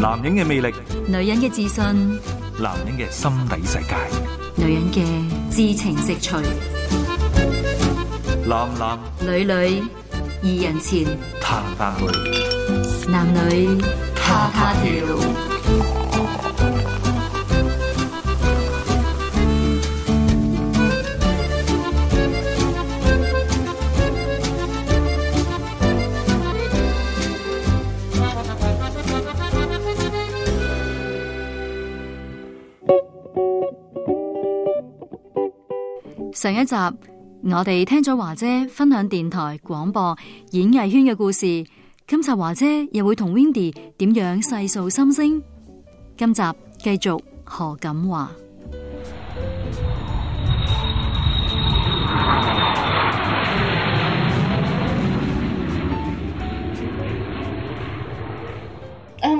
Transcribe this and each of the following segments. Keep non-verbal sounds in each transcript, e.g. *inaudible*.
男人嘅魅力，女人嘅自信，男人嘅心底世界，女人嘅至情食趣，男男女女二人前談談去，打打男女他她調。打打跳。上一集我哋聽咗華姐分享電台廣播演藝圈嘅故事，今集華姐又會同 Windy 點樣細數心聲？今集繼續何錦華。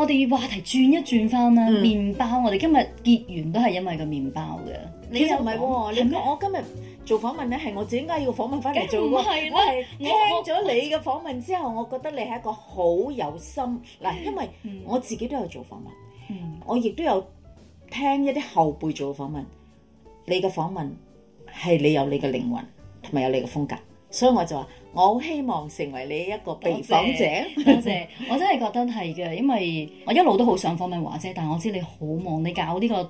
我哋話題轉一轉翻啦，嗯、麵包。我哋今日結緣都係因為個麵包嘅。你又唔係喎？啊、嗎你我今日做訪問咧，係我自己應該要訪問翻嚟做。唔係啦，聽咗你嘅訪問之後，我，我，我覺得你係一個好有心嗱。嗯、因為我自己都有做訪問，嗯、我亦都有聽一啲後輩做嘅訪問。嗯、你嘅訪問係你有你嘅靈魂同埋有你嘅風格，所以我就話。我好希望成為你一個被訪者，多謝，我真係覺得係嘅，因為我一路都好想訪問華姐，但係我知你好忙，你搞呢個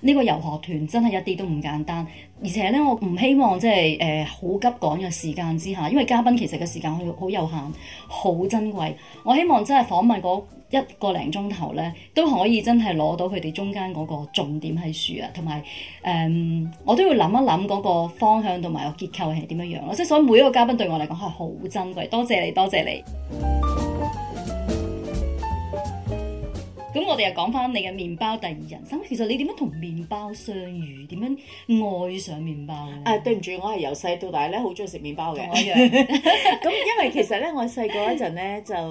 呢個遊學團真係一啲都唔簡單。而且咧，我唔希望即係誒好急趕嘅時間之下，因為嘉賓其實嘅時間好好有限，好珍貴。我希望真係訪問嗰一個零鐘頭咧，都可以真係攞到佢哋中間嗰個重點喺書啊，同埋誒，我都要諗一諗嗰個方向同埋個結構係點樣樣咯。即係所以，每一個嘉賓對我嚟講係好珍貴。多謝你，多謝你。咁我哋又講翻你嘅麵包第二人生，其實你點樣同麵包相遇？點樣愛上麵包咧？誒、啊，對唔住，我係由細到大咧好中意食麵包嘅。咁同樣 *laughs* *laughs* 因為其實咧，我細個嗰陣咧就誒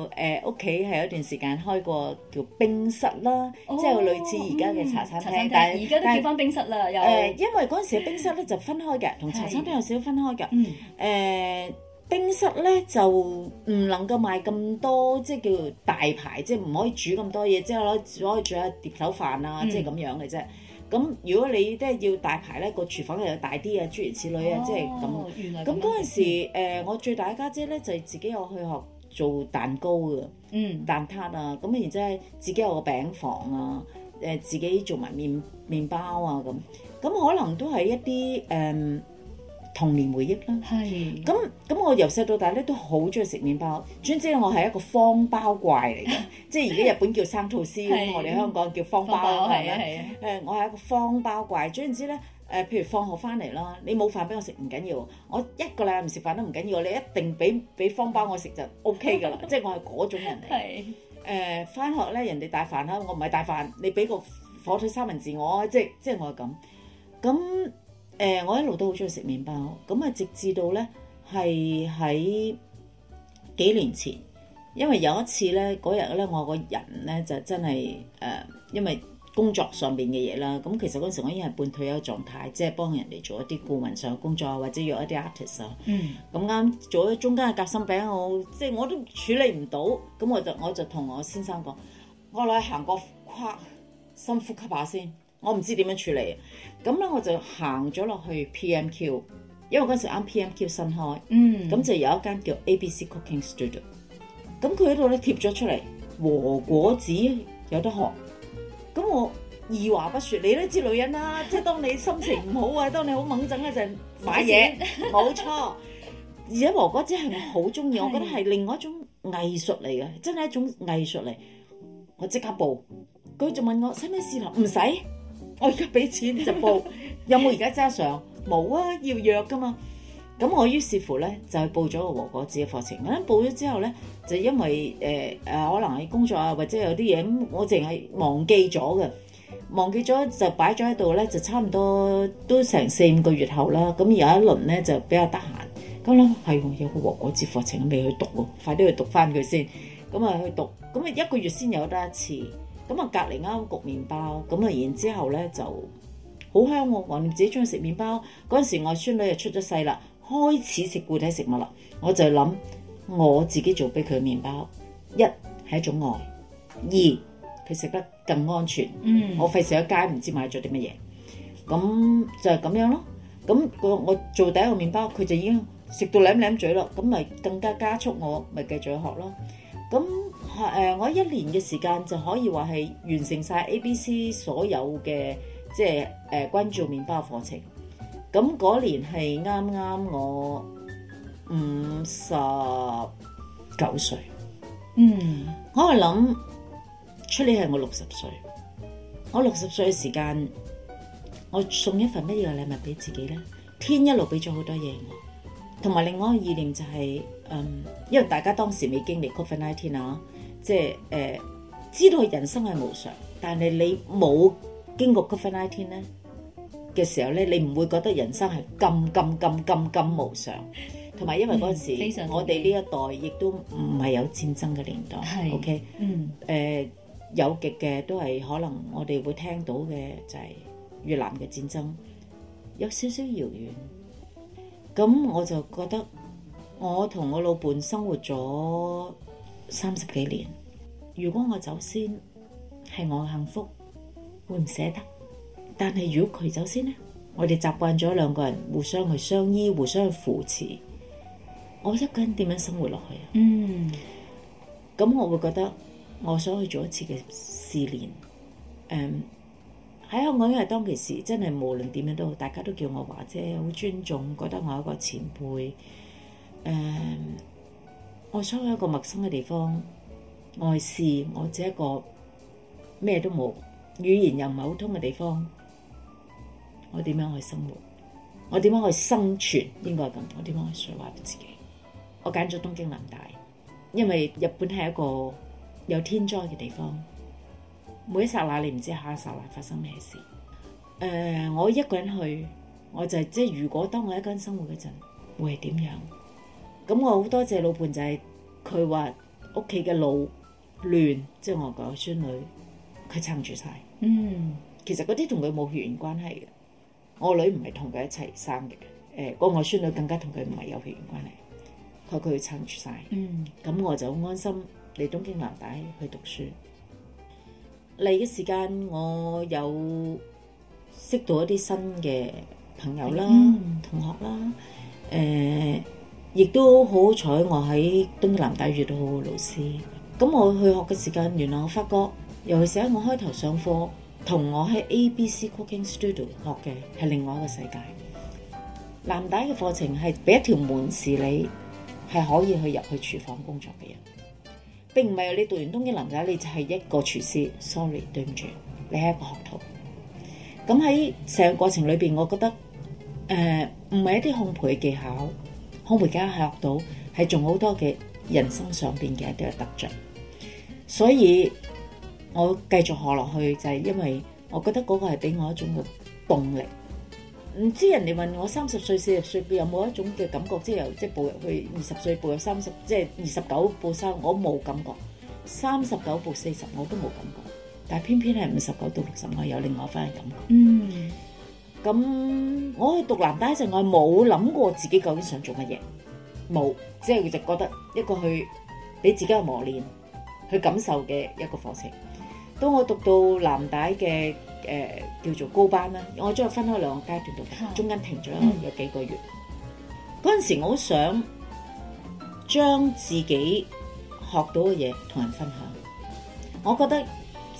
屋企係有一段時間開過叫冰室啦，哦、即係類似而家嘅茶餐廳。嗯、餐廳但係而家都叫翻冰室啦，又誒、呃。因為嗰陣嘅冰室咧就分開嘅，同茶餐廳有少少分開嘅。誒的。嗯呃冰室咧就唔能夠賣咁多，即係叫大牌，即係唔可以煮咁多嘢，即係攞攞煮下碟頭飯啊，嗯、即係咁樣嘅啫。咁如果你即係要大牌咧，個廚房又大啲啊，諸如此類啊，即係咁。咁嗰陣時、呃，我最大嘅家姐咧就係、是、自己有去學做蛋糕嘅，嗯，蛋撻啊，咁啊然之後自己有個餅房啊，誒、呃、自己做埋麵麵包啊咁，咁可能都係一啲誒。嗯嗯童年回憶啦，咁咁是我由細到大咧都好中意食麵包，總之咧我係一個方包怪嚟嘅， *laughs* 即係而家日本叫生吐司， *laughs* 是我哋香港叫方包啊，係咪包？誒、嗯呃，我係一個方包怪，總然之咧誒、呃，譬如放學翻嚟啦，你冇飯俾我食唔緊要，我一個禮拜唔食飯都唔緊要，你一定俾俾方包我食就 O K 噶啦，即係 *laughs* 我係嗰種人嚟。誒 *laughs* 是，翻、呃、學咧人哋帶飯啦，我唔係帶飯，你俾個火腿三文治我，即係即係我係咁咁。嗯嗯嗯誒，我一路都好中意食麵包，咁啊，直至到咧係喺幾年前，因為有一次咧，嗰日咧我個人咧就真係誒、呃，因為工作上邊嘅嘢啦，咁其實嗰陣時我已經係半退休狀態，即係幫人哋做一啲顧問上嘅工作，或者約一啲 artist 啊。嗯。咁啱做咗中間嘅夾心餅，我即係我都處理唔到，咁我就我就同我先生講，我落去行個跨深呼吸下先，我唔知點樣處理。咁咧，我就行咗落去 PMQ，因為嗰時啱 PMQ 新開，咁、嗯、就有一間叫 ABC Cooking Studio。咁佢喺度咧貼咗出嚟，和果子有得學。咁我二話不説，你都知女人啦、啊，即係當你心情唔好啊， *laughs* 當你好掹憎嗰陣買嘢，冇錯。 *laughs* 而且和果子係我好中意， *laughs* 我覺得係另外一種藝術嚟嘅，真係一種藝術嚟。我即刻報，佢就問我使咩試唔使。 *laughs* *laughs* 我而家俾錢就報，有冇而家揸上？冇 *laughs* 啊，要約噶嘛。咁我於是乎咧就去報咗個和果子嘅課程。咁報咗之後咧，就因為誒誒、呃、可能喺工作啊或者有啲嘢咁，我淨係忘記咗嘅，忘記咗就擺咗喺度咧，就差唔多都成四五個月後啦。咁有一輪咧就比較得閒，咁諗係喎，有個和果子課程都未去讀喎、哦，快啲去讀翻佢先。咁啊去讀，咁啊一個月先有得一次。咁啊，隔籬啱焗麵包，咁啊，然之後咧就好香喎，哦！我自己中意食麵包嗰陣時，我孫女就出咗世啦，開始食固體食物啦，我就諗我自己做俾佢麵包，一係一種愛，二佢食得更安全，嗯，我費事喺街唔知買咗啲乜嘢，咁就係咁樣咯。咁我做第一個麵包，佢就已經食到舐舐嘴咯，咁咪更加加速我咪繼續去學咯，咁。誒，我一年嘅時間就可以話係完成晒 A、B、C 所有嘅，即係誒、呃，關注麵包課程。咁嗰年係啱啱我五十九歲。嗯，我係諗出年係我六十歲。我六十歲嘅時間，我送一份乜嘢嘅禮物俾自己咧？天一路俾咗好多嘢我，同埋另外一個意念就係、是，嗯，因為大家當時未經歷 Covid nineteen 啊。即係誒、呃，知道人生係無常，但係你冇經過 Covid-19 咧嘅時候咧，你唔會覺得人生係咁咁咁咁咁無常。同埋因為嗰陣時，嗯、非常我哋呢一代亦都唔係有戰爭嘅年代。OK，嗯，okay? 嗯呃、有極嘅都係可能我哋會聽到嘅就係、是、越南嘅戰爭，有少少遙遠。咁我就覺得我同我老伴生活咗。三十幾年，如果我走先係我嘅幸福，會唔捨得？但係如果佢走先呢，我哋習慣咗兩個人互相去相依、互相去扶持，我一個人點樣生活落去啊？嗯，咁我會覺得我想去做一次嘅試煉。誒、嗯，喺香港因為當其時真係無論點樣都好，大家都叫我華姐，好尊重，覺得我一個前輩。誒、嗯。我想去一個陌生嘅地方，外事我自己一個咩都冇，語言又唔係好通嘅地方，我點樣去生活？我點樣去生存？應該咁。我點樣去說話俾自己？我揀咗東京南大，因為日本係一個有天災嘅地方，每一剎那你唔知下一剎那發生咩事。誒、呃，我一個人去，我就係即係如果當我一個人生活嗰陣，會係點樣？咁我好多謝老伴仔，佢話屋企嘅路亂，即係、就係、我個孫女，佢撐住晒。嗯，其實嗰啲同佢冇血緣關係嘅，我女唔係同佢一齊生嘅，誒、呃，個外孫女更加同佢唔係有血緣關係，佢佢撐住晒。嗯，咁我就好安心嚟東京南大去讀書。嚟嘅、嗯、時間，我有識到一啲新嘅朋友啦、嗯、同學啦，誒、嗯。欸嗯亦都好彩，我喺東京南大遇到好好老師。咁我去學嘅時間，原來我發覺，尤其是喺我開頭上課，同我喺 A B C Cooking Studio 學嘅係另外一個世界。南大嘅課程係俾一條門匙你係可以去入去廚房工作嘅人，並唔係你讀完東京南大你就係一個廚師。Sorry，對唔住，你係一個學徒。咁喺成個過程裏邊，我覺得誒唔係一啲烘焙技巧。我而家學到係仲好多嘅人生上邊嘅一啲嘅得着，所以我繼續學落去就係因為我覺得嗰個係俾我一種嘅動力。唔知人哋問我三十歲四十歲有冇一種嘅感覺，即係又即係步入去二十歲步入三十，即係二十九步三，我冇感覺。三十九步四十我都冇感覺，但係偏偏係五十九到六十我有另外一番嘅感覺。嗯。咁我去讀南大陣，我冇諗過自己究竟想做乜嘢，冇，即係佢就覺得一個去畀自己去磨練、去感受嘅一個課程。當我讀到南大嘅誒叫做高班啦，我將佢分開兩個階段讀，中間停咗有幾個月。嗰陣時，我好想將自己學到嘅嘢同人分享。我覺得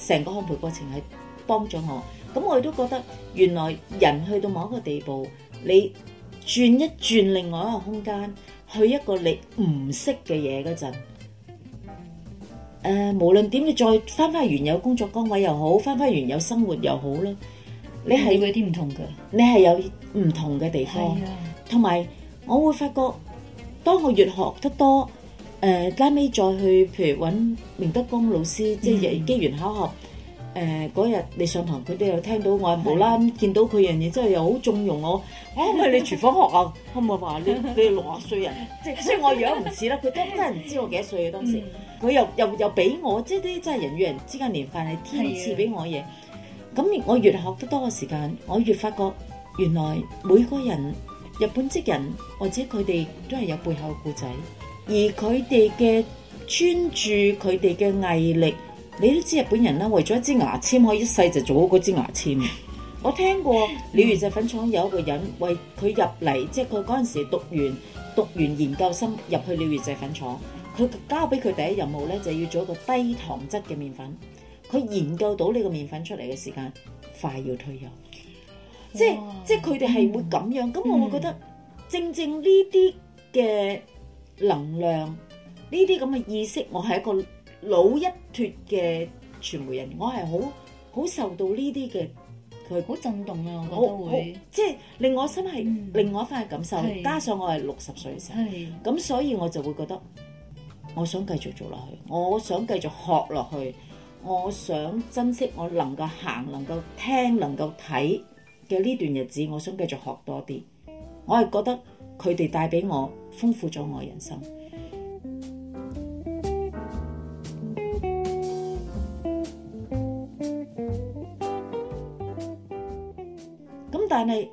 成個烘焙過程係幫咗我。咁我亦都覺得，原來人去到某一個地步，你轉一轉另外一個空間，去一個你唔識嘅嘢嗰陣，誒無論點你再返返原有工作崗位又好，返返原有生活又好咧，你係會有啲唔同嘅，你係有唔同嘅地方。同埋我會發覺，當我越學得多，誒加尾再去譬如揾明德光老師，即係機緣巧合。誒嗰日你上堂，佢哋又聽到我冇啦，咁的見到佢樣嘢，真係又好縱容我。我、哦、唔你廚房學啊，咁咪話你你六啊歲人，即係雖然我樣唔似啦，佢都真係唔知我幾多歲嘅當時。佢、嗯、又又又俾我，即係啲真係人與人之間緣份係天賜俾我嘅嘢。咁的我越學得多嘅時間，我越發覺原來每個人日本職人或者佢哋都係有背後嘅故仔，而佢哋嘅專注，佢哋嘅毅力。你都知日本人咧，啊，為咗一支牙簽可以一世就做嗰支牙簽。 *laughs* 我聽過，鳥越製粉廠有一個人為佢入嚟，即係佢嗰陣時讀完讀完研究生入去鳥越製粉廠，佢交俾佢第一任務咧，就是，要做一個低糖質嘅麵粉。佢研究到呢個麵粉出嚟嘅時間，快要退休。哇即係、嗯、即係，佢哋係會咁樣。咁、嗯、我會覺得，嗯、正正呢啲嘅能量，呢啲咁嘅意識，我係一個。老一脱嘅傳媒人，我係好好受到呢啲嘅佢好震動啊！我覺得即係、就是、令我心係另外一番嘅感受，是加上我係六十歲嘅時候，咁是所以我就會覺得我想繼續做落去，我想繼續學落去，我想珍惜我能夠行、能夠聽、能夠睇嘅呢段日子，我想繼續學多啲。我係覺得佢哋帶俾我豐富咗我人生。但係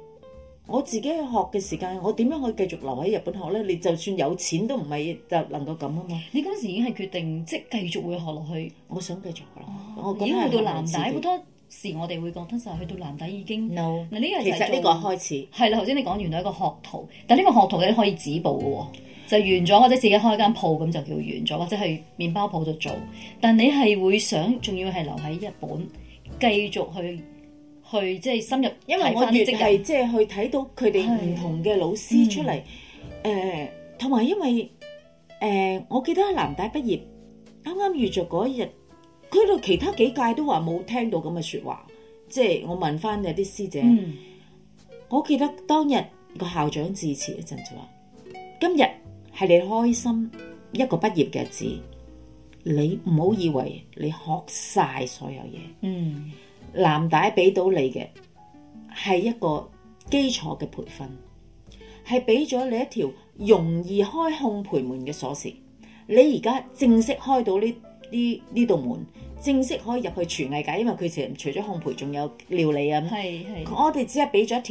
我自己去學嘅時間，我點樣可以繼續留喺日本學咧？你就算有錢都唔係就能夠咁啊嘛！你嗰時已經係決定即繼續會學落去，我想繼續噶啦。哦，我點去到南抵好多時，我哋會覺得就係去到南抵已經 no 嗱，呢個其實呢個開始係啦。頭先你講完到一個學徒，但呢個學徒你可以止步噶，就完咗或者自己開間鋪咁就叫完咗，或者係麵包鋪就做。但你係會想，仲要係留喺日本繼續去。去即係深入，因為我一直係即係去睇到佢哋唔同嘅老師出嚟，誒，同、嗯、埋、呃、因為誒、呃，我記得喺南大畢業，啱啱遇着嗰一日，佢度其他幾屆都話冇聽到咁嘅說話，即、就、係、是、我問翻有啲師姐，嗯、我記得當日個校長致辭一陣就話，今日係你開心一個畢業嘅日子，你唔好以為你學晒所有嘢。嗯藍帶俾到你嘅係一個基礎嘅培訓，係俾咗你一條容易開烘焙門嘅鎖匙。你而家正式開到呢呢呢度門，正式可以入去廚藝界，因為佢其實除咗烘焙仲有料理啊。係係，我哋只係俾咗一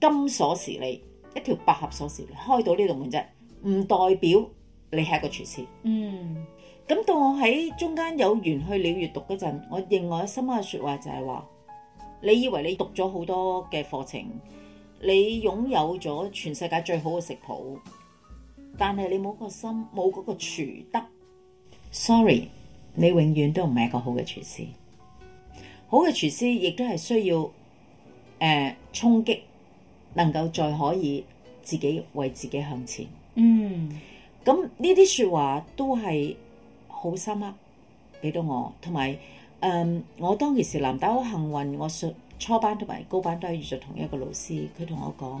條金鎖匙你，一條百合鎖匙你，開到呢度門啫，唔代表你係一個廚師。嗯。咁到我喺中間有緣去了閲讀嗰陣，我認為深刻嘅説話就係話，你以為你讀咗好多嘅課程，你擁有咗全世界最好嘅食譜，但係你冇個心，冇嗰個廚德。Sorry，你永遠都唔係一個好嘅廚師。好嘅廚師亦都係需要，誒、呃、衝擊，能夠再可以自己為自己向前。嗯，咁呢啲説話都係。好深刻！俾到我，同埋，嗯，我當其時，林導好幸運，我上初班同埋高班都係遇着同一個老師，佢同我講：，誒、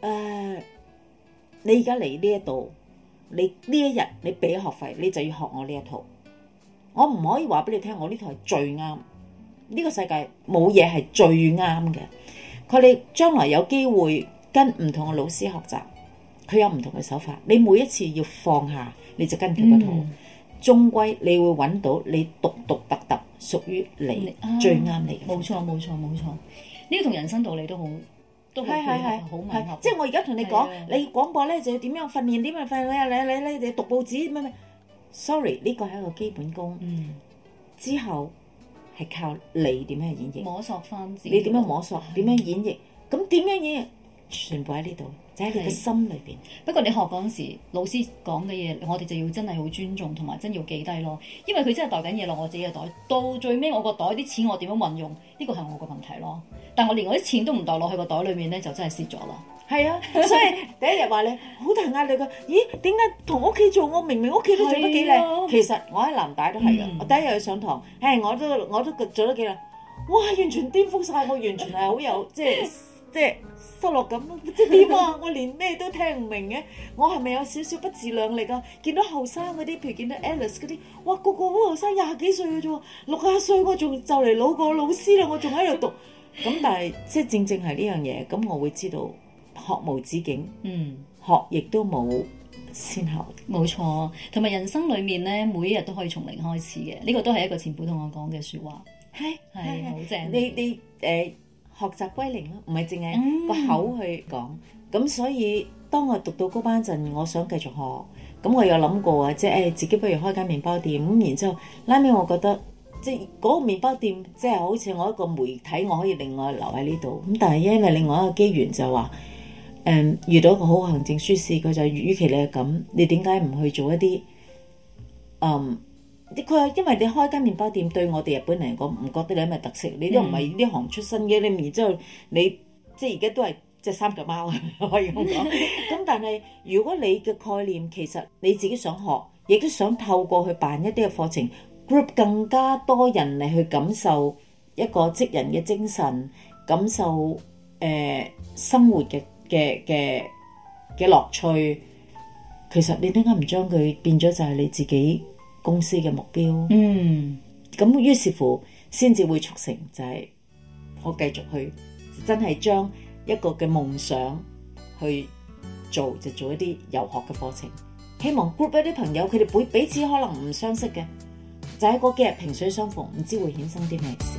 呃，你而家嚟呢一度，你呢一日你俾學費，你就要學我呢一套。我唔可以話俾你聽，我呢套係最啱。呢、這個世界冇嘢係最啱嘅。佢哋將來有機會跟唔同嘅老師學習，佢有唔同嘅手法。你每一次要放下。你就跟住個圖，終歸你會揾到你獨獨特特屬於你，最啱你。冇錯冇錯冇錯，呢個同人生道理都好，都係係係好吻合。即係我而家同你講，你廣播咧就要點樣訓練，點樣訓練？你你你你讀報紙咩咩？Sorry，呢個係一個基本功。嗯，之後係靠你點樣演繹？摸索返自己，你點樣摸索？點樣演繹？咁點樣演繹？全部喺呢度。就喺佢嘅心裏邊。不過你學嗰陣時，老師講嘅嘢，我哋就要真係好尊重，同埋真要記低咯。因為佢真係袋緊嘢落我自己嘅袋，到最尾我個袋啲錢我點樣運用，呢個係我個問題咯。但我連我啲錢都唔袋落去個袋裏面咧，就真係蝕咗啦。係啊，所以第一日話你好大壓力嘅。咦，點解同屋企做？我明明屋企都做得幾靚。啊、其實我喺南大都係啊。嗯、我第一日去上堂，誒、哎，我都我都做得幾靚。哇，完全顛覆晒，我，完全係好有即係。 *laughs* 即係失落感，即係點啊？我連咩都聽唔明嘅，我係咪有少少不自量力啊？見到後生嗰啲，譬如見到 Alice 嗰啲，哇，個個都後生廿幾歲嘅啫，六廿歲我仲就嚟老過老師啦，我仲喺度讀。咁但係即係正正係呢樣嘢，咁我會知道學無止境，嗯，學亦都冇先後。冇錯，同埋人生裏面咧，每一日都可以從零開始嘅。呢個都係一個前輩同我講嘅說話，係係好正。你你誒。學習歸零咯，唔係淨係個口去講。咁、嗯、所以當我讀到高班嗰陣，我想繼續學。咁我有諗過啊，即係、哎、自己不如開間麵包店。咁然之後，拉尾我覺得即係嗰、那個麵包店，即係好似我一個媒體，我可以另外留喺呢度。咁但係因為另外一個機緣就係話、嗯，遇到一個好行政書士，佢就係、與其你係咁，你點解唔去做一啲嗯？佢話：因為你開間麵包店，對我哋日本人嚟講，唔覺得你係咩特色。你都唔係呢行出身嘅，你然之後你即係而家都係即係三腳貓，可以咁講。咁但係如果你嘅概念，其實你自己想學，亦都想透過去辦一啲嘅課程，group 更加多人嚟去感受一個職人嘅精神，感受誒生活嘅嘅嘅嘅樂趣。其實你點解唔將佢變咗就係你自己？公司嘅目標，嗯，咁於是乎先至會促成，就係我繼續去真係將一個嘅夢想去做，就做一啲遊學嘅課程，希望 group 一啲朋友，佢哋會彼此可能唔相識嘅，就喺嗰幾日萍水相逢，唔知會衍生啲咩事。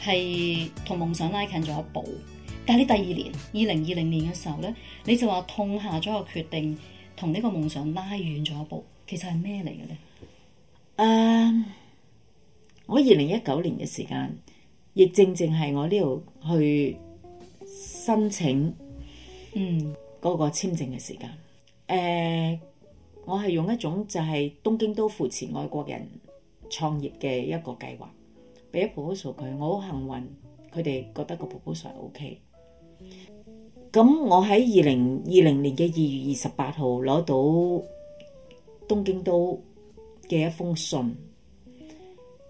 係同夢想拉近咗一步，但係你第二年二零二零年嘅時候咧，你就話痛下咗個決定，同呢個夢想拉遠咗一步，其實係咩嚟嘅咧？誒，uh, 我二零一九年嘅時間，亦正正係我呢度去申請，嗯，嗰個簽證嘅時間，誒、uh，我係用一種就係東京都扶持外國人創業嘅一個計劃。俾 passport 佢，我好幸運，佢哋覺得個 passport 係 OK。咁我喺二零二零年嘅二月二十八號攞到東京都嘅一封信，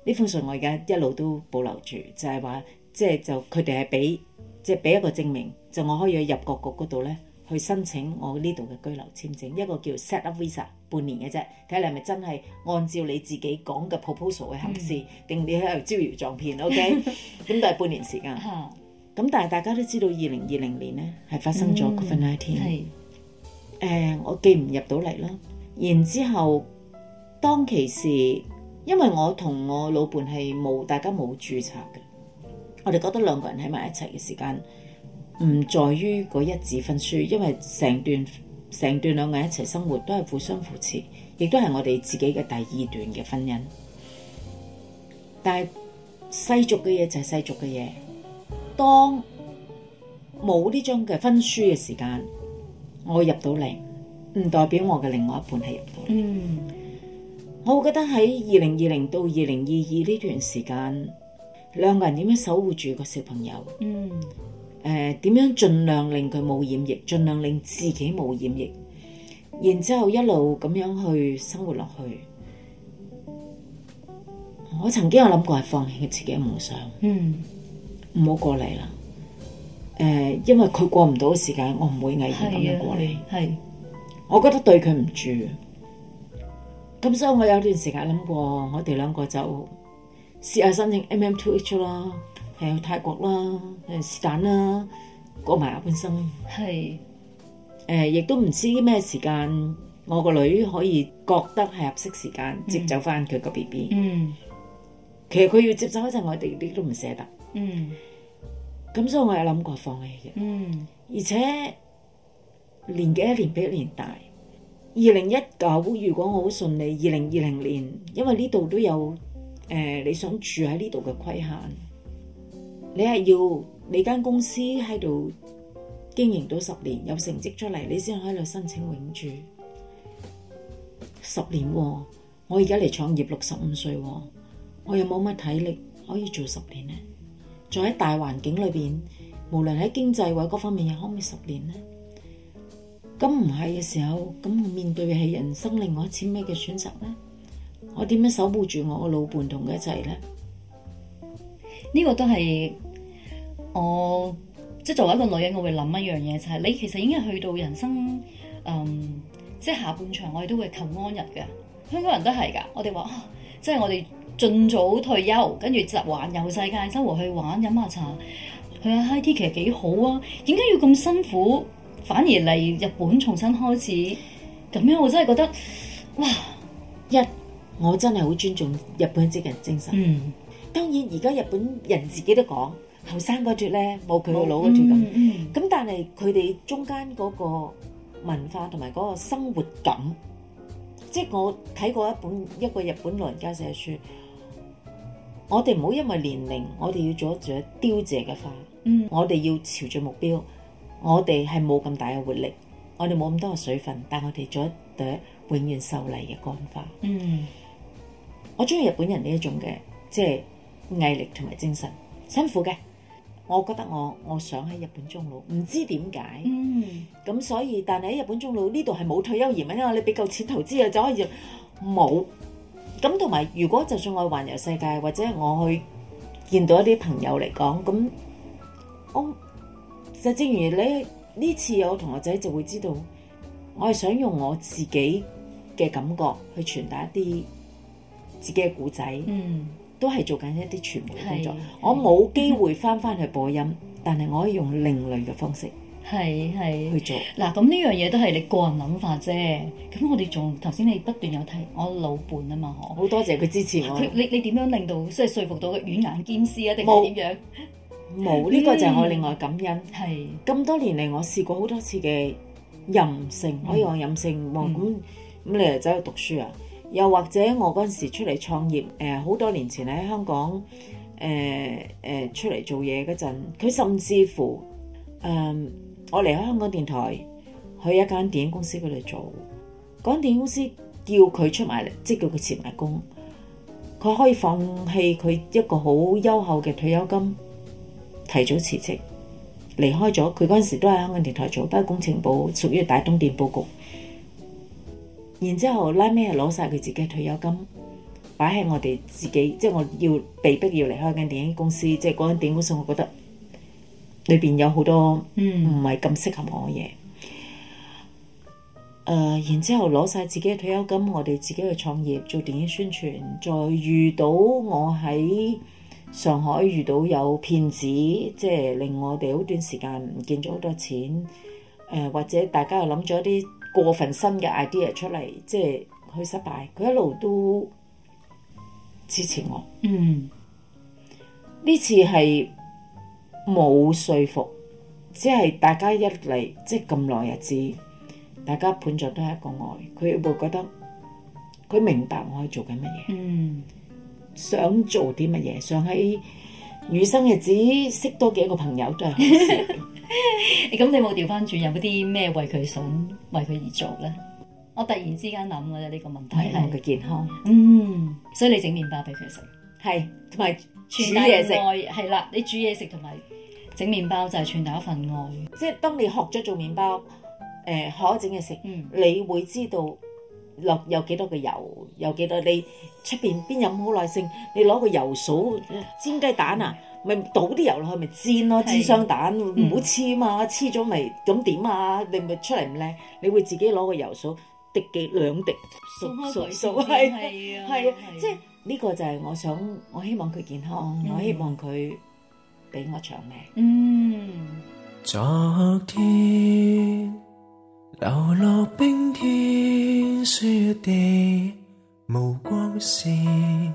呢封信我而家一路都保留住，就係話，即係就佢哋係俾，即係俾一個證明，就我可以去入國局嗰度咧。去申請我呢度嘅居留簽證，一個叫 set up visa，半年嘅啫。睇下係咪真係按照你自己講嘅 proposal 去行事，定你喺度招搖撞騙？OK，咁都係半年時間。咁但係大家都知道，二零二零年咧係發生咗 Covid nineteen。係，誒，我記唔入到嚟啦。然之後，當其時，因為我同我老伴係冇大家冇註冊嘅，我哋覺得兩個人喺埋一齊嘅時間，唔在於嗰一紙婚書，因為成段成段兩個人一齊生活都係互相扶持，亦都係我哋自己嘅第二段嘅婚姻。但係世俗嘅嘢就係世俗嘅嘢。當冇呢張嘅婚書嘅時間，我入到嚟唔代表我嘅另外一半係入到嚟。嗯，我會覺得喺二零二零到二零二二呢段時間，兩個人點樣守護住個小朋友？嗯。誒，點、呃、樣盡量令佢冇染疫，盡量令自己冇染疫，然之後一路咁樣去生活落去。我曾經有諗過係放棄佢自己嘅夢想，嗯，唔好過嚟啦。誒、呃，因為佢過唔到嘅時間，我唔會毅然咁樣過嚟。係、啊，我覺得對佢唔住。咁所以我有段時間諗過，我哋兩個就試下申請 M M Two H 啦。去泰國啦，誒，是但啦，過埋下半生。係，誒、呃，亦都唔知咩時間，我個女可以覺得係合適時間接走翻佢個 B B。嗯，其實佢要接走嗰陣，我哋 BB 都唔捨得。嗯，咁所以我有諗過放棄嘅。嗯，而且年紀一年比一年大。二零一九，如果我好順利，二零二零年，因爲呢度都有誒、呃，你想住喺呢度嘅規限。你係要你間公司喺度經營到十年有成績出嚟，你先可以申請永住。十年，哦，我而家嚟創業六十五歲，我又冇乜體力可以做十年呢。再喺大環境裏面，無論喺經濟或各方面，又可唔可以十年呢？咁唔係嘅時候，咁我面對嘅係人生另外一啲咩嘅選擇呢。我點樣守護住我個老伴同佢一齊呢？呢、這個都係。我、oh，即係作為一個女人，我會諗一樣嘢就係、是、你其實已經去到人生嗯即係下半場，我哋都會求安逸嘅，香港人都係噶。我哋話即係我哋盡早退休，跟住就環遊世界，周圍去玩飲下茶，去下 High Tea 其實幾好啊！點解要咁辛苦，反而嚟日本重新開始咁樣？我真係覺得哇！一，我真係好尊重日本嘅職人精神。嗯，mm。當然而家日本人自己都講。後生嗰脱咧冇佢個腦嗰脱咁，咁、嗯嗯嗯、但係佢哋中間嗰個文化同埋嗰個生活感，即、就、係、是、我睇過一本一個日本老人家寫書，我哋唔好因為年齡，我哋要做一朵凋謝嘅花。嗯，我哋要朝住目標，我哋係冇咁大嘅活力，我哋冇咁多嘅水分，但我哋做一朵永遠秀麗嘅乾花。嗯，我中意日本人呢一種嘅即係毅力同埋精神，辛苦嘅。我覺得我我想喺日本終老，唔知點解。咁、嗯、所以，但係喺日本終老呢度係冇退休移民，因為，你俾夠錢投資啊，就可以冇。咁同埋，如果就算我環遊世界，或者我去見到一啲朋友嚟講，咁我就正如你呢次有同學仔就會知道，我係想用我自己嘅感覺去傳達一啲自己嘅故仔。嗯。都係做緊一啲傳媒嘅工作，我冇機會翻翻去播音，嗯、但係我可以用另類嘅方式，係係去做。嗱，咁呢樣嘢都係你個人諗法啫。咁我哋仲頭先你不斷有提我老伴啊嘛，好多謝佢支持我。你你點樣令到即係說服到佢軟硬兼施啊？定係點樣？冇呢、這個就係我另外感恩。係咁、嗯、是多年嚟，我試過好多次嘅任性，可以、嗯、我任性。咁咁、嗯，嗯、你又走去讀書啊？又或者我嗰陣時出嚟創業，誒、呃、好多年前喺香港，誒、呃、誒、呃、出嚟做嘢嗰陣，佢甚至乎誒、呃、我離開香港電台，去一間電影公司嗰度做，嗰間電影公司叫佢出埋，嚟，即叫佢辭埋工，佢可以放棄佢一個好優厚嘅退休金，提早辭職離開咗。佢嗰陣時都喺香港電台做，都係工程部，屬於大東電報局。然之後拉尾係攞晒佢自己嘅退休金擺喺我哋自己，即係我要被逼要離開間電影公司，即係嗰間電影公司，我覺得裏邊有好多唔係咁適合我嘅嘢。誒、嗯，然之後攞晒自己嘅退休金，我哋自己去創業做電影宣傳，再遇到我喺上海遇到有騙子，即係令我哋好短時間唔見咗好多錢。誒，或者大家又諗咗一啲。過份新嘅 idea 出嚟，即係佢失敗，佢一路都支持我。嗯，呢次係冇說服，只係大家一嚟，即係咁耐日子，大家本着都係一個愛，佢會覺得佢明白我做緊乜嘢，嗯，想做啲乜嘢，想喺餘生日子識多幾個朋友都係好事。 *laughs* 咁 *laughs* 你冇調翻轉，有冇啲咩為佢想為佢而做咧？我突然之間諗嘅呢個問題係我嘅健康。嗯，嗯，所以你整麵包俾佢食，係同埋煮嘢食係啦。你煮嘢食同埋整麵包就係傳達一份愛。即係當你學咗做麵包，誒、呃，學咗整嘢食，嗯、你會知道落有幾多個油，有幾多你出邊邊有好耐性，你攞個油掃煎雞蛋啊！咪倒啲油落去咪煎咯，煎雙蛋唔好黐啊嘛，黐咗咪咁點啊？嗯、你咪出嚟唔靚，你會自己攞個油掃滴幾兩滴掃開掃，係啊，係啊，即係呢個就係我想我希望佢健康，我希望佢俾、嗯、我長命。嗯。嗯嗯、昨天流落冰天雪地，無光線。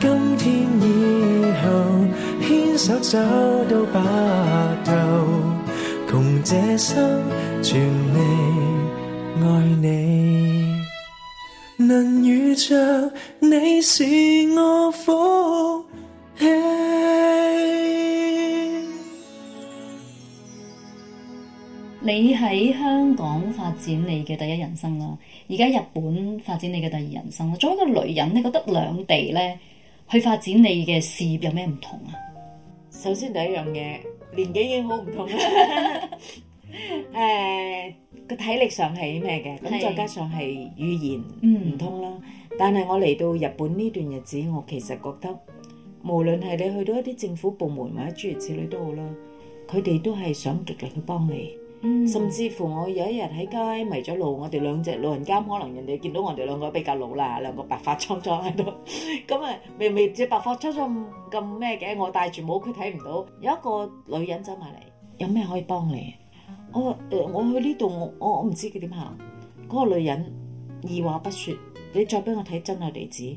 今天以後牽手走到白頭，窮這生全力愛你，能遇着你是我福氣。你喺香港發展你嘅第一人生啦，而家日本發展你嘅第二人生啦。作為一個女人，你覺得兩地呢？去發展你嘅事業有咩唔同啊？首先第一樣嘢，年紀已經好唔同啦。誒，個體力上係咩嘅？咁是再加上係語言唔通啦。但係我嚟到日本呢段日子，我其實覺得，無論係你去到一啲政府部門或者諸如此類都好啦，佢哋都係想極力去幫你。嗯、甚至乎我有一日喺街迷咗路，我哋兩隻老人家，可能人哋見到我哋兩個比較老啦，兩個白髮蒼蒼喺度咁啊，明明只白髮蒼蒼咁咩嘅，我戴住帽佢睇唔到。有一個女人走埋嚟，有咩可以幫你？我誒，我去呢度，我我唔知佢點行。嗰、那個女人二話不說，你再俾我睇真我地址，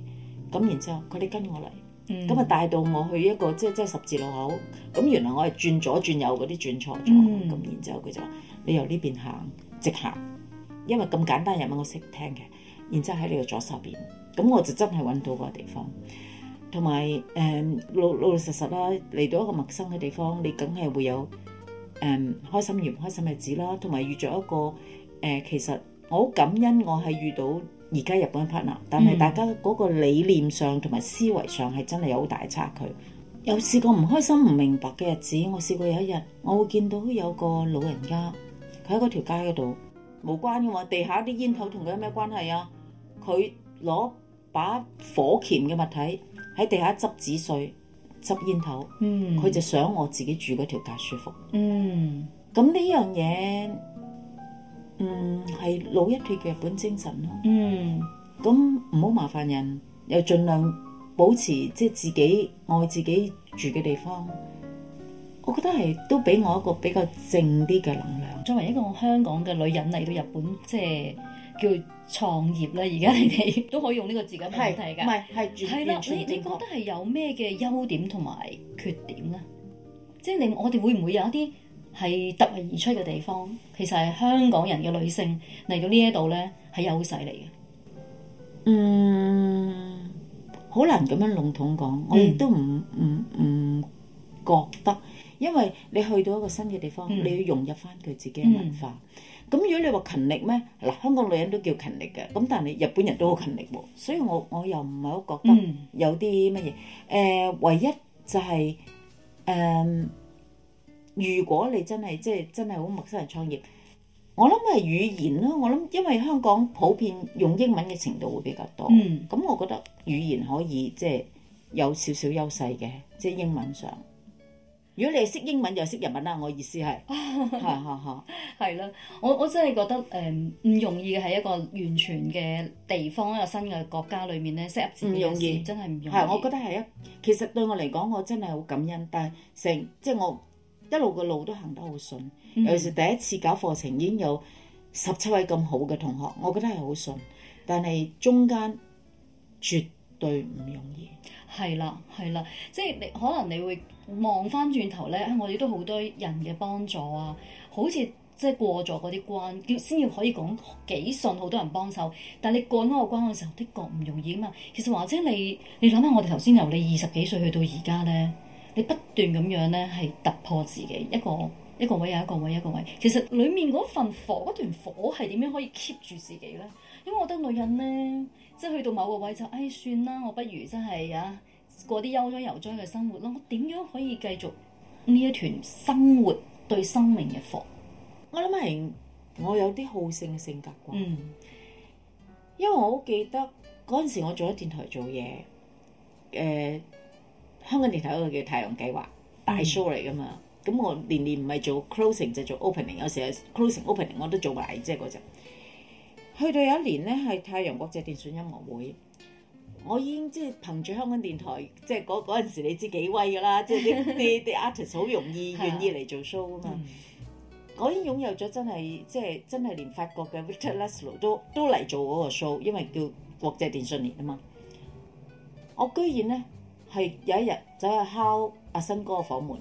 咁然之後佢哋跟我嚟。咁啊，嗯、帶到我去一個即係即係十字路口，咁原來我係轉左轉右嗰啲轉錯咗，咁、嗯、然之後佢就話你由呢邊行直行，因為咁簡單嘅日文我識聽嘅，然之後喺你嘅左手邊，咁我就真係揾到個地方。同埋誒老老實實啦，嚟到一個陌生嘅地方，你梗係會有誒、嗯、開心與唔開心嘅日子啦，同埋遇著一個誒、呃、其實我好感恩，我係遇到。而家日本嘅 partner 但係大家嗰個理念上同埋思維上係真係有好大差距。有試過唔開心唔明白嘅日子，我試過有一日，我會見到有個老人家，佢喺嗰條街嗰度無關嘅話，地下啲煙頭同佢有咩關係啊？佢攞把火鉗嘅物體喺地下執紙碎、執煙頭，佢、嗯、就想我自己住嗰條街舒服。嗯，咁呢樣嘢。嗯，係老一脫嘅日本精神咯。嗯，咁唔好麻煩人，又盡量保持即係、就是、自己愛自己住嘅地方。我覺得係都俾我一個比較正啲嘅能量。作為一個香港嘅女人嚟到日本，即係叫創業啦。而家你哋都可以用呢個字嘅問題㗎，係唔係？係全係啦，你你覺得係有咩嘅優點同埋缺點咧？即係你我哋會唔會有一啲？係突圍突而出嘅地方，其實係香港人嘅女性嚟到呢一度咧係優勢嚟嘅。嗯，好難咁樣籠統講，我亦都唔唔唔覺得，因為你去到一個新嘅地方，嗯、你要融入翻佢自己嘅文化。咁、嗯嗯、如果你話勤力咩？嗱，香港女人都叫勤力嘅，咁但係你日本人都好勤力喎。所以我我又唔係好覺得有啲乜嘢。誒、嗯嗯，唯一就係、是、誒。嗯如果你真係即係真係好陌生嚟創業，我諗係語言咯。我諗因為香港普遍用英文嘅程度會比較多，咁、嗯、我覺得語言可以即係有少少優勢嘅，即係英文上。如果你係識英文又識日文啦，我意思係係係係係啦。我我真係覺得誒唔、呃、容易嘅喺一個完全嘅地方一個新嘅國家裏面咧 set up 自己，唔容易，真係唔容易。我覺得係呀。其實對我嚟講，我真係好感恩，但係成即係我。一路嘅路都行得好順，尤其是第一次搞課程已經有十七位咁好嘅同學，我覺得係好順。但係中間絕對唔容易。係啦，係啦，即係你可能你會望翻轉頭咧、哎，我哋都好多人嘅幫助啊，好似即係過咗嗰啲關，要先要可以講幾順，好多人幫手。但係你過嗰個關嘅時候，的確唔容易啊嘛。其實或者你你諗下，我哋頭先由你二十幾歲去到而家咧。你不斷咁樣咧，係突破自己一個一個位，又一個位，一個位。其實裡面嗰份火，嗰段火係點樣可以 keep 住自己咧？因為我覺得女人咧，即係去到某個位就，哎算啦，我不如真係啊過啲悠哉遊哉嘅生活咯。我點樣可以繼續呢一團生活對生命嘅火？我諗係我有啲好勝性，性格啩。嗯，因為我好記得嗰陣時我做咗電台做嘢，誒、呃。香港電台嗰個叫《太陽計劃》，嗯、大 show 嚟噶嘛？咁我年年唔係做 closing 就做 opening，有時係 closing、opening 我都做埋，即係嗰陣。去到有一年咧，係太陽國際電訊音樂會，我已經即係憑住香港電台，即係嗰嗰陣時你知幾威噶啦， *laughs* 即係啲 artist 好容易願 *laughs* 意嚟做 show 噶嘛。我已經擁有咗真係即係真係連法國嘅 Victor Laslo 都都嚟做嗰個 show，因為叫國際電訊年啊嘛。我居然咧～係有一日走去敲阿新哥嘅房門，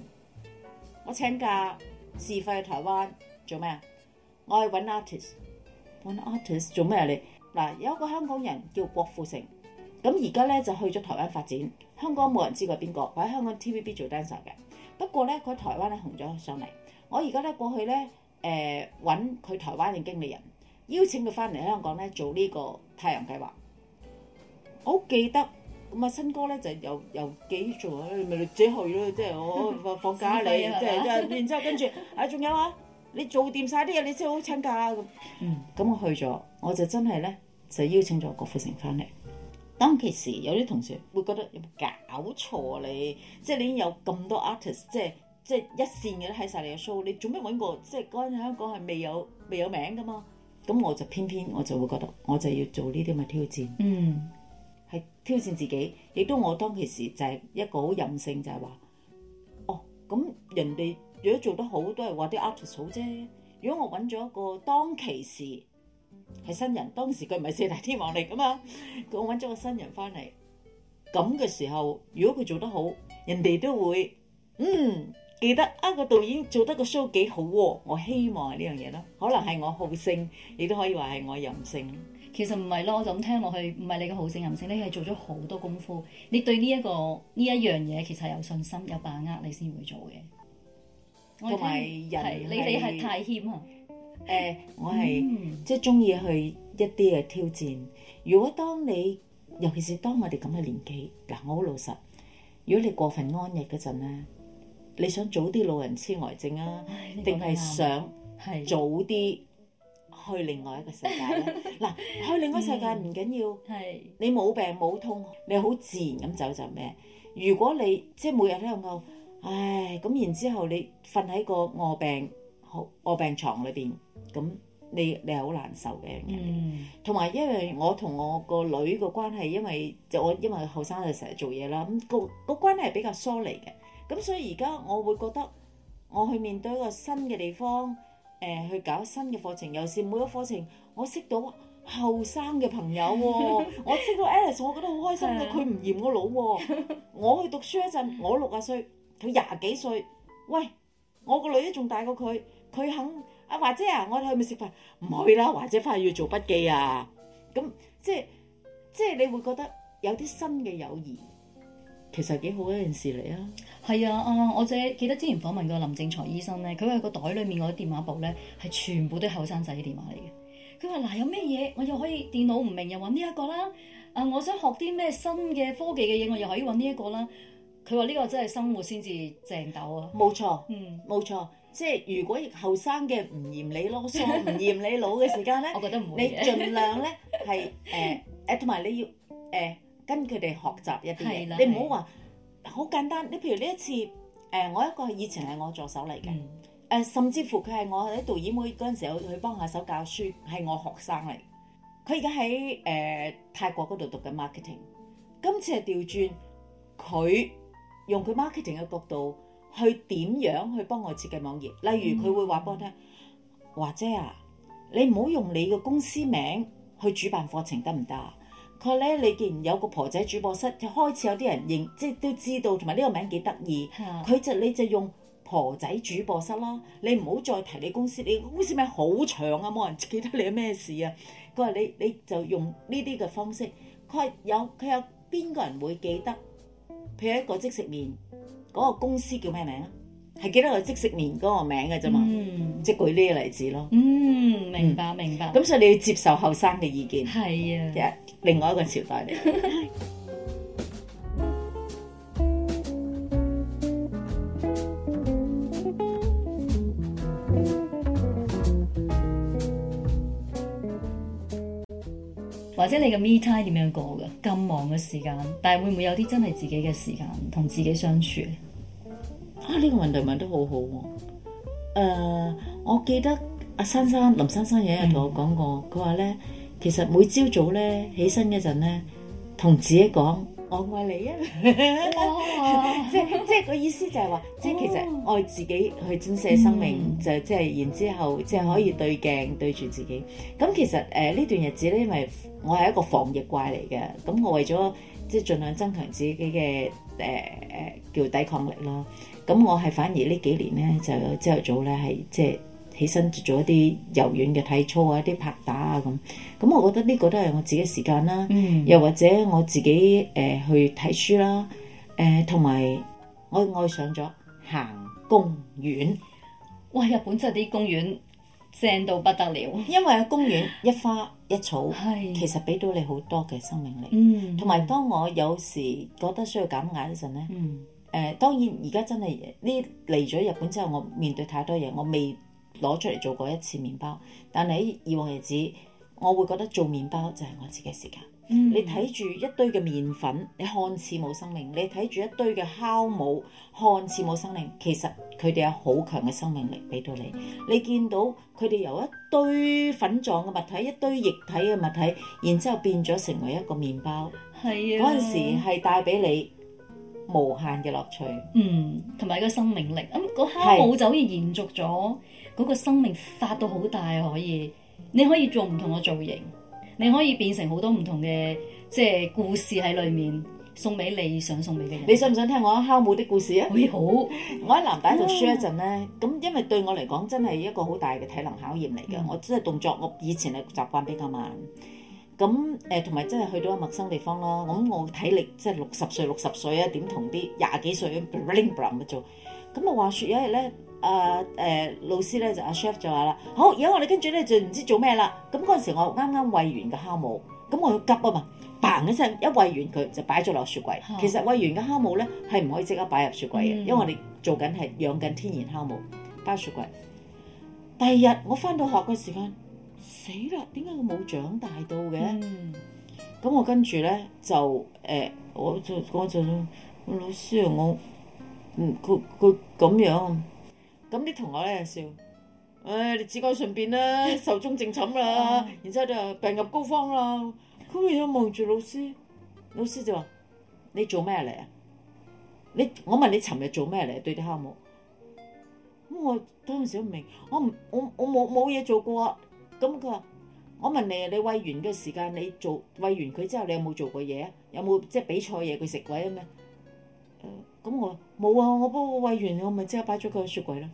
我請假自費去台灣做咩啊？我係揾 artist，揾 artist 做咩啊你？你嗱，有一個香港人叫郭富城，咁而家咧就去咗台灣發展，香港冇人知佢邊個，佢喺香港 TVB 做 dancer 嘅，不過咧佢喺台灣咧紅咗上嚟，我而家咧過去咧誒揾佢台灣嘅經理人，邀請佢翻嚟香港咧做呢個太陽計劃，好記得。咁啊，新哥咧就又又幾做啊，咪自己去咯，即係我放假你，即係然之後跟住啊，仲有啊，你做掂晒啲嘢，你先好請假啦咁。嗯，咁我去咗，我就真係咧就邀請咗郭富城翻嚟。當其時有啲同事會覺得有冇搞錯你，即係你已經有咁多 artist，即係即係一線嘅喺曬你嘅 show，你做咩搵個即係嗰陣香港係未有未有名㗎嘛？咁我就偏偏我就會覺得我就要做呢啲咁嘅挑戰。嗯。係挑戰自己，亦都我當其時就係一個好任性，就係話哦咁人哋如果做得好都係話啲 artist 好啫。如果我揾咗一個當其時係新人，當時佢唔係四大天王嚟噶嘛，我揾咗個新人翻嚟咁嘅時候，如果佢做得好，人哋都會嗯記得啊，個導演做得個 show 幾好喎、啊。我希望係呢樣嘢咯，可能係我好勝，亦都可以話係我任性。其實唔係咯，我就咁聽落去唔係你嘅好勝任性，你係做咗好多功夫，你對呢、這、一個呢一樣嘢其實有信心，有把握你有，你先會做嘅。同埋人，你哋係太謙啊！誒、呃，嗯、我係即係中意去一啲嘅挑戰。如果當你尤其是當我哋咁嘅年紀，嗱，我好老實，如果你過分安逸嗰陣咧，你想早啲老人痴呆症啊，定係想早啲？去另外一個世界，嗱，去另外一個世界唔緊要，你冇病冇痛，你好自然咁走就咩？如果你即係每日都有拗，唉，咁然之後你瞓喺個臥病臥病床裏邊，咁你你係好難受嘅。嗯，同埋因為我同我個女個關係，因為就我因為後生就成日做嘢啦，咁個個關係係比較疏離嘅，咁所以而家我會覺得我去面對一個新嘅地方。誒去搞新嘅課程，又是每一課程我識到後生嘅朋友喎，我識到 Alice，我覺得好開心嘅，佢唔嫌我老喎，我去讀書嗰陣我六啊歲，佢廿幾歲，喂，我個女都仲大過佢，佢肯啊華姐啊，我哋去咪食飯，唔去啦，或者返去要做筆記啊，咁即係即係你會覺得有啲新嘅友誼。其實幾好嘅一件事嚟啊！係啊啊！我借記得之前訪問過林正財醫生咧，佢話個袋裡面嗰啲電話簿咧係全部都係後生仔嘅電話嚟嘅。佢話嗱，有咩嘢我又可以電腦唔明又揾呢一個啦。啊、呃，我想學啲咩新嘅科技嘅嘢，我又可以揾呢一個啦。佢話呢個真係生活先至正斗啊！冇錯，嗯，冇錯。即係如果後生嘅唔嫌你囉嗦，唔嫌你老嘅時間咧， *laughs* 我覺得唔會。你儘量咧係誒誒，同埋你要誒。呃跟佢哋學習一啲嘢，的你唔好話好簡單。你譬如呢一次，誒、呃，我一個以前係我助手嚟嘅，誒、嗯呃，甚至乎佢係我喺導演會嗰陣時候，去幫下手教書，係我學生嚟。佢而家喺誒泰國嗰度讀緊 marketing。今次係調轉，佢用佢 marketing 嘅角度去點樣去幫我設計網頁。例如佢會話幫我聽，嗯嗯、華姐啊，你唔好用你嘅公司名去主辦課程得唔得啊？行佢咧，你既然有個婆仔煮播室，就開始有啲人認，即係都知道同埋呢個名幾得意。佢的就你就用婆仔煮播室啦，你唔好再提你公司，你公司名好長啊，冇人記得你咩事啊。佢話你你就用呢啲嘅方式。佢話有佢有邊個人會記得？譬如一個即食麵嗰、那個公司叫咩名啊？係記得個即食麵嗰個名嘅啫嘛，嗯、即係舉呢個例子咯。嗯，明白明白。咁、嗯、所以你要接受後生嘅意見。係啊，另外一個朝代。嚟。 *laughs* 或者你嘅 Me Time 點樣過嘅？咁忙嘅時間，但係會唔會有啲真係自己嘅時間同自己相處？啊！呢、這個問題問得好好、啊、喎、呃。我記得阿珊珊、林珊珊有一日同我講過，佢話咧，其實每朝早咧起身嗰陣咧，同自己講我愛你啊！ *laughs* Hello. *laughs* 即即個意思就係話，即其實愛自己去珍惜生命，oh. 就即然之後即可以對鏡對住自己。咁其實誒呢、呃、段日子咧，因為我係一個防疫怪嚟嘅，咁我為咗。即係盡量增強自己嘅誒誒叫抵抗力咯。咁我係反而呢幾年咧，就朝頭早咧係即係起身做一啲柔軟嘅體操啊，一啲拍打啊咁。咁我覺得呢個都係我自己時間啦。嗯、又或者我自己誒、呃、去睇書啦。誒同埋我愛上咗行公園。哇！日本真係啲公園，正到不得了，因為喺公園一花一草， *laughs* 是其實俾到你好多嘅生命力。嗯，同埋當我有時覺得需要減壓嗰陣咧，誒、嗯呃、當然而家真係呢嚟咗日本之後，我面對太多嘢，我未攞出嚟做過一次麵包。但係以往日子，我會覺得做麵包就係我自己時間。嗯、你睇住一堆嘅麵粉，你看似冇生命；你睇住一堆嘅酵母，看似冇生命，其實佢哋有好強嘅生命力俾到你。你見到佢哋由一堆粉狀嘅物體、一堆液體嘅物體，然之後變咗成為一個麵包，嗰陣、啊、時係帶俾你無限嘅樂趣。嗯，同埋個生命力。咁嗰酵母就好似延續咗嗰、嗰個生命，發到好大可以。你可以做唔同嘅造型。嗯。你可以變成好多唔同嘅即係故事喺裏面，送俾你想送俾嘅人。你想唔想聽我敲、啊、門的故事啊？會好。 *laughs* 我喺南大讀書一陣咧，咁、嗯、因為對我嚟講真係一個好大嘅體能考驗嚟嘅。嗯、我真係動作，我以前係習慣比較慢。咁誒，同、呃、埋真係去到個陌生地方啦。咁我體力即係六十歲，六十歲啊，點同啲廿幾歲啊，bling bling 咁做。咁啊，話説有一日咧。誒誒、啊呃，老師咧就阿、啊、Chef 就話啦：好，而家我哋跟住咧就唔知做咩啦。咁嗰陣時我啱啱，我啱啱餵完嘅酵母，咁我急啊嘛嘭 a n 一聲一餵完佢就擺咗落雪櫃。哦、其實餵完嘅酵母咧係唔可以即刻擺入雪櫃嘅，嗯、因為我哋做緊係養緊天然酵母擺雪櫃。第二日我翻到學嘅時間死啦，點解佢冇長大到嘅？咁、嗯、我跟住咧就誒、呃，我就我就，我就，我就老師我嗯佢佢咁樣。咁啲同學咧就笑，唉、哎！你只高順便啦，壽終正寢啦， *laughs* 啊、然之後就病入膏肓啦。咁佢又望住老師，老師就話：你做咩嚟啊？你我問你尋日做咩嚟啊？對啲酵母。咁我嗰陣時都唔明，我唔我我冇冇嘢做過。咁佢話：我問你，你喂完嘅時間，你做喂完佢之後，你有冇做過嘢？有冇即係俾菜嘢佢食鬼啊咩？就是咁我冇啊！我幫我餵完，我咪即刻擺咗佢喺雪櫃啦。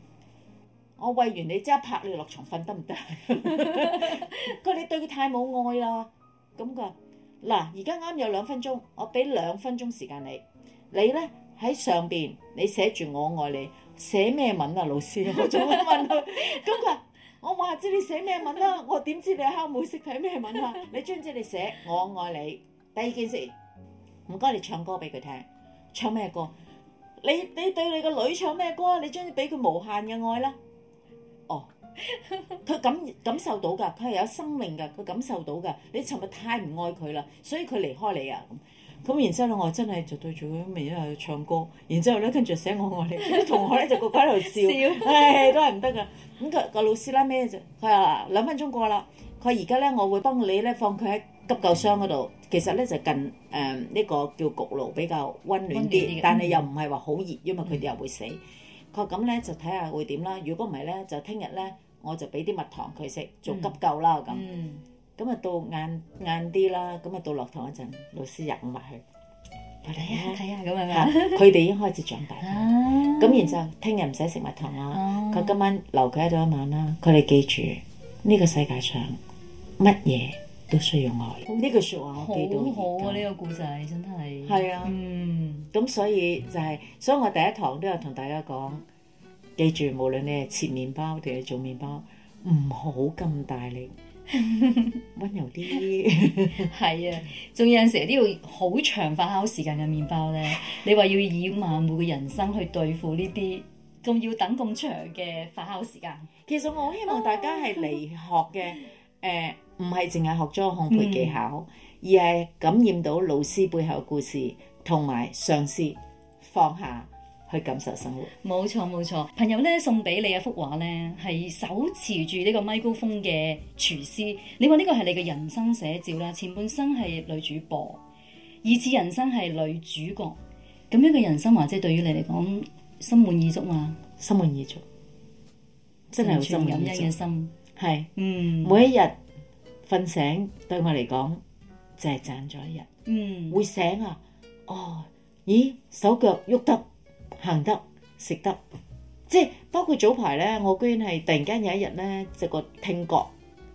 我餵完你，即刻拍你落床瞓得唔得？佢話 *laughs* 你對佢太冇愛啦，咁噶。嗱，而家啱有兩分鐘，我俾兩分鐘時間你。你咧喺上邊，你寫住我愛你，寫咩文啊？老師，我仲會問佢。咁佢 *laughs* 我話知你寫咩文啊？我點知你阿媽冇識睇咩文啊？你知唔知你寫我愛你。第二件事，唔該你唱歌俾佢聽，唱咩歌？你你對你個女唱咩歌啊？你將啲俾佢無限嘅愛啦。哦，佢感感受到㗎，佢係有生命㗎，佢感受到㗎。你尋日太唔愛佢啦，所以佢離開你啊。咁咁、嗯嗯、然之後咧，我真係就對住佢面咧去唱歌。然之後咧，跟住寫我愛你。啲 *laughs* 同學咧就個個喺度笑，唉、 *laughs* 哎，都係唔得㗎。咁、那個個老師啦咩啫？佢話兩分鐘過啦。佢而家咧，我會幫你咧放佢喺急救箱嗰度，其實咧就近誒呢個叫焗爐比較温暖啲，但係又唔係話好熱，因為佢哋又會死。佢咁咧就睇下會點啦。如果唔係咧，就聽日咧我就俾啲蜜糖佢食做急救啦。咁，咁啊到晏晏啲啦，咁啊到落堂嗰陣，老師入埋去睇下睇下咁啊嘛。佢哋已經開始長大啦。咁然之後聽日唔使食蜜糖啦。佢今晚留佢喺度一晚啦。佢哋記住呢個世界上乜嘢？都需要愛。呢句説話我記得。好好啊！呢講個故仔真係。係啊。嗯。咁所以就係、是，所以我第一堂都有同大家講，記住，無論你係切麵包定係做麵包，唔好咁大力，温 *laughs* 柔啲。係 *laughs* 啊。仲有陣時都要好長發酵時間嘅麵包咧，你話要以慢活嘅人生去對付呢啲，咁要等咁長嘅發酵時間。其實我希望大家係嚟 *laughs* 學嘅，誒、呃。唔係淨係學咗烘焙技巧，嗯、而係感染到老師背後嘅故事，同埋上司放下去感受生活。冇錯冇錯。朋友咧送俾你一幅畫咧，係手持住呢個咪高峰嘅廚師。你話呢個係你嘅人生寫照啦，前半生係女主播，二次人生係女主角。咁樣嘅人生，華姐對於你嚟講，心滿意足嘛？心滿意足，真係好心滿意足。係，是嗯，每一日。瞓醒對我嚟講就係賺咗一日，嗯，會醒啊！哦，咦，手腳喐得，行得，食得，即係包括早排咧，我居然係突然間有一日咧，只個聽覺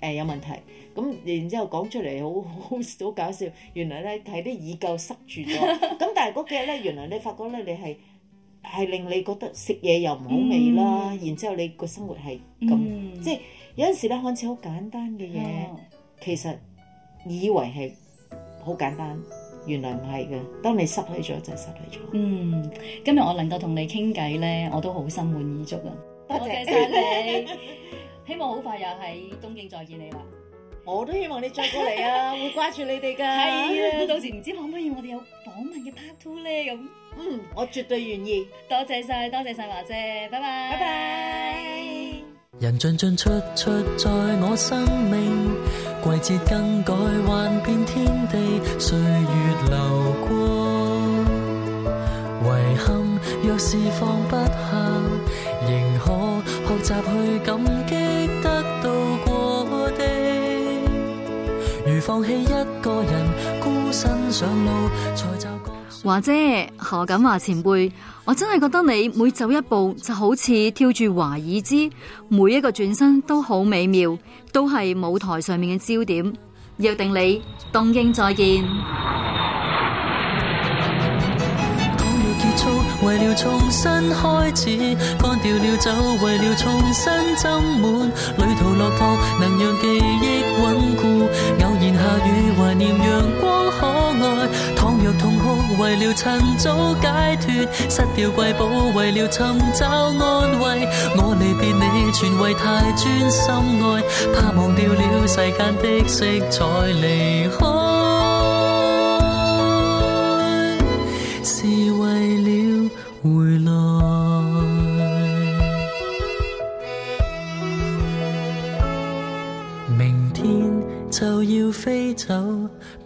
誒有問題，咁然之後講出嚟好好好搞笑，原來咧係啲耳垢塞住咗，咁但係嗰幾日咧，原來你發覺咧你係係令你覺得食嘢又唔好味啦，然之後你個生活係咁，即係有陣時咧看似好簡單嘅嘢。其實以為係好簡單，原來唔係嘅。當你失去咗就係失去咗。嗯，今日我能夠同你傾偈咧，我都好心滿意足啊！多謝晒謝，你， *laughs* 希望好快又喺東京再見你啦！我都希望你再過嚟啊， *laughs* 會掛住你哋㗎。係 *laughs* 啊，到時唔知可唔可以我哋有訪問嘅 part two 咧咁。嗯，我絕對願意。 *laughs* 多謝晒，多謝晒，華姐，拜拜，拜拜。人進進出出在我生命。季節更改，幻變天地，歲月流過。遺憾若是放不下，仍可學習去感激得到過的。如放棄一個人，孤身上路，才找。華姐，何錦華前輩，我真係覺得你每走一步就好似跳住華爾茲，每一個轉身都好美妙，都係舞台上面嘅焦點。約定你，東京，再見。 *music* 為了趁早解脱，失掉貴寶；為了尋找安慰，我離別你全為太專心愛，怕忘掉了世間的色彩離開。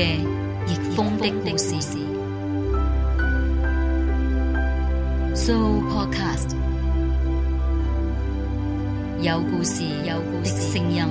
《逆風的故事》So Podcast，有故事，有故事聲音。